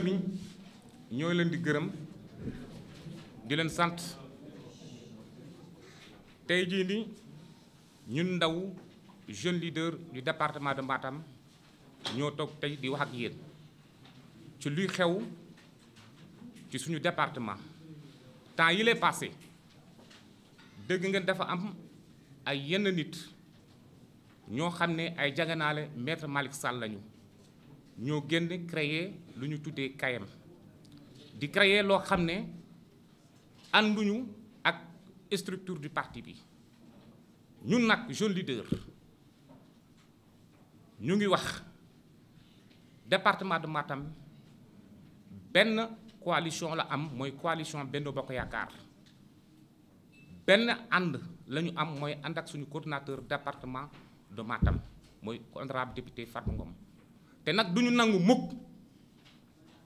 mi ñoo leen di gërëm di leen sant tey jii ni ñun ndaw jeune leader du département de Matam ñoo toog tey di wax ak yéen ci luy xew ci suñu département temps yi lay passé dégg ngeen dafa am ay yenn nit ñoo xam ne ay jaganaale maître Malick Sall lañu ñoo génn créer lu ñu tuddee kayam di créer loo xam ne ànduñu ak structure du partie bi ñun nag jeune leader ñu ngi wax département de Matam benn coalition la am mooy coalition benn Bokk Yaakaar benn ànd la ñu am mooy ànd ak suñu coordinateur département de Matam mooy honorable député Farba Ngom te nag du ñu nangu mukk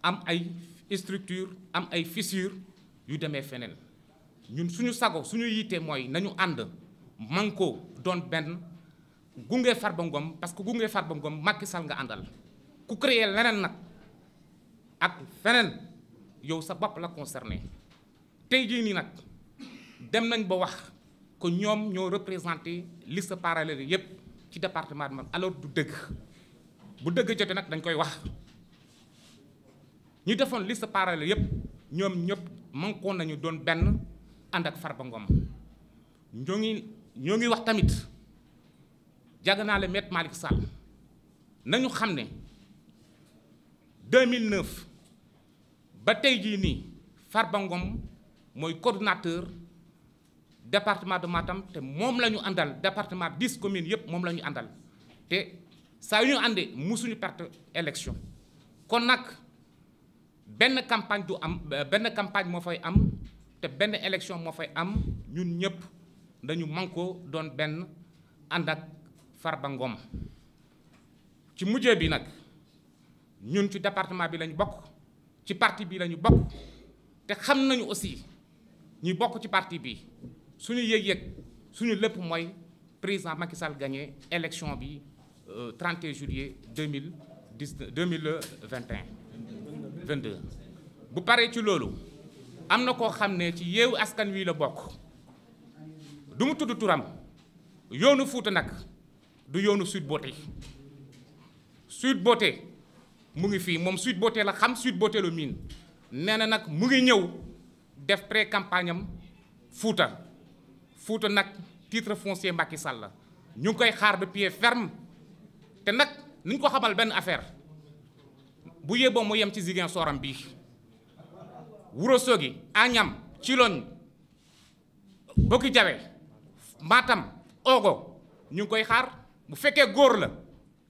am ay structure am ay fissure yu demee feneen ñun suñu sago suñu yitte mooy nañu ànd man ko doon benn gunge Farba Ngom parce que gunge Farba Ngom Macky Sall nga àndal ku créer leneen nag ak feneen yow sa bopp la concerné tey jii nii nag dem nañ ba wax ko ñoom ñoo représenté liste parallèle yépp ci département de alors du dëgg bu dëgg jotee nag dañ koy wax ñi defoon liste parallèle yëpp ñoom ñëpp mankoon nañu doon benn ànd ak Farba Ngom ñoo ngi ñoo ngi wax tamit jàgg naa le Maître Malick Sall nañu xam ne 2009 ba tey jii nii Farba mooy coordinateur departement de Matam te moom la ñu àndal département 10 communes yëpp moom la ñu àndal te. saa yu ñu àndee musuñu parte élection kon nag benn campagne du am euh, benn campagne moo fay am te benn élection moo fay am ñun ñëpp dañu mànkoo doon benn ànd ak Farba Ngom ci mujjee bi nag ñun ci département bi lañu bokk ci parti bi lañu bokk te xam nañu aussi ñi bokk ci parti bi suñu yëg-yëg suñu lépp mooy président Macky Sall gagné élection bi 31 euh, juillet 2019 2021 22 bu paree ci loolu am na koo xam ne ci yeewu askan wi la bokk du mu tudd turam yoonu Fuuta nag du yoonu Sweet Beauté Sweet Beauté mu ngi fii moom suite Beauté la xam Sweet Beauté lu miin nee na nag mu ngi ñëw def pré campagne Fuuta Fuuta nag titre foncier Macky Sall la ñu ngi koy xaar de pied ferme te nag niñ ko xamal benn affaire bu yeboo mu yem ci Ziguinchor sooram bi Wuro Sogi Agnam Thilogne Boki Diawé maatam Ogo ñu ngi koy xaar bu fekkee góor la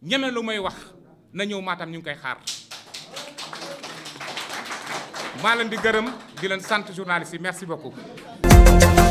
ñeme lu may wax na ñëw maatam ñu ngi koy xaar maa leen di gërëm di leen sant journaliste yi merci beaucoup